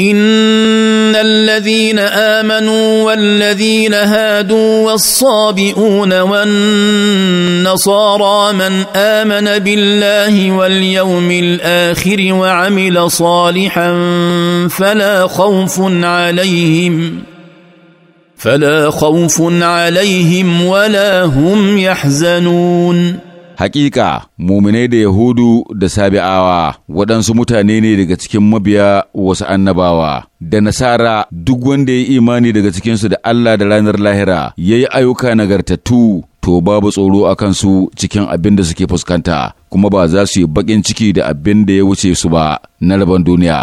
ان الذين امنوا والذين هادوا والصابئون والنصارى من امن بالله واليوم الاخر وعمل صالحا فلا خوف عليهم فلا خوف عليهم ولا هم يحزنون Hakika, muminai da Yahudu da Sabi'awa waɗansu mutane ne daga cikin mabiya wasu annabawa, da Nasara duk wanda ya imani daga cikinsu da Allah da ranar lahira ya yi ayyuka nagartattu to babu tsoro a kansu cikin abin da suke fuskanta, kuma ba za su yi baƙin ciki da abin da ya wuce su ba na rabon duniya.